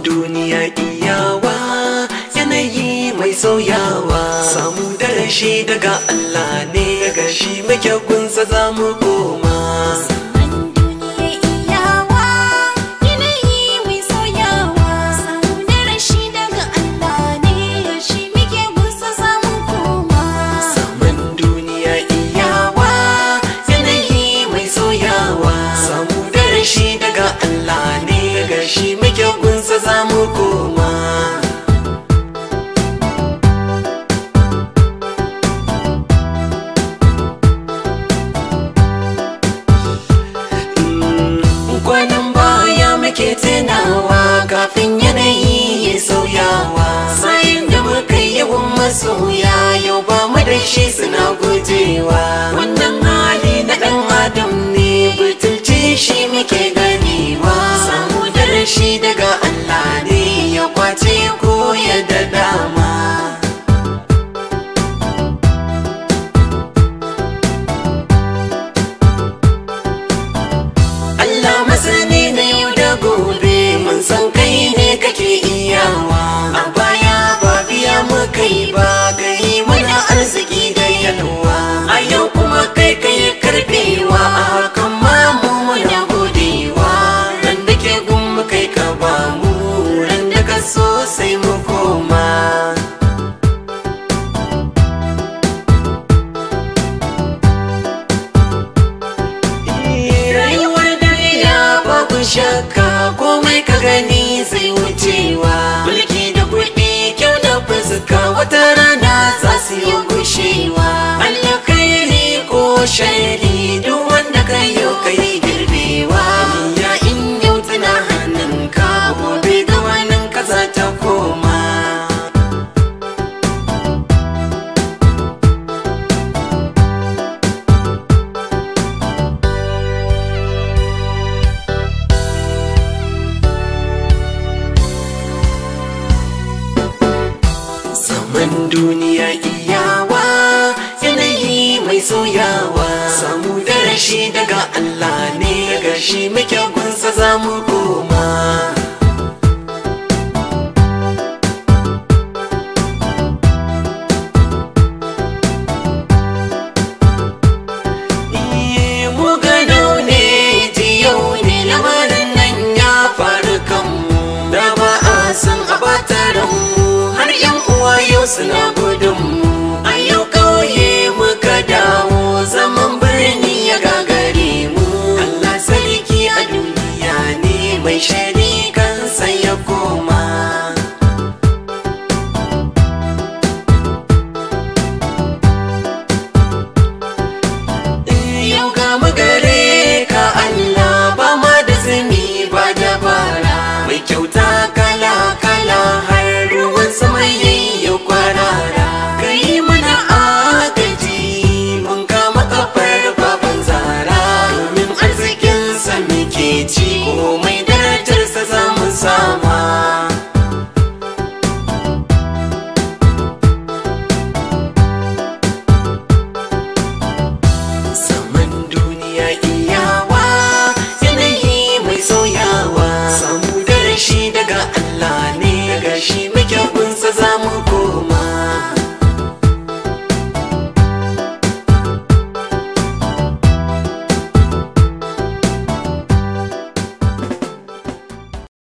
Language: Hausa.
duniya iyawa yanayi mai sauyawa samu da rashi daga Allah ne gashi shi muke kunsa za mu koma soya yau ba mu da shi suna gujewa wannan hali na ɗan adam ne butulci shi muke ganewa samu da shi daga Allah ne ya kwace ko ya da dama ka kuma san duniya iyawa yanayi mai sauyawa samu darashi daga Allah ne gashi muke gunsa zamu suna gudun mu a yau kauye muka dawo zaman birni ya gagare mu Allah sarki a duniya ne mai shari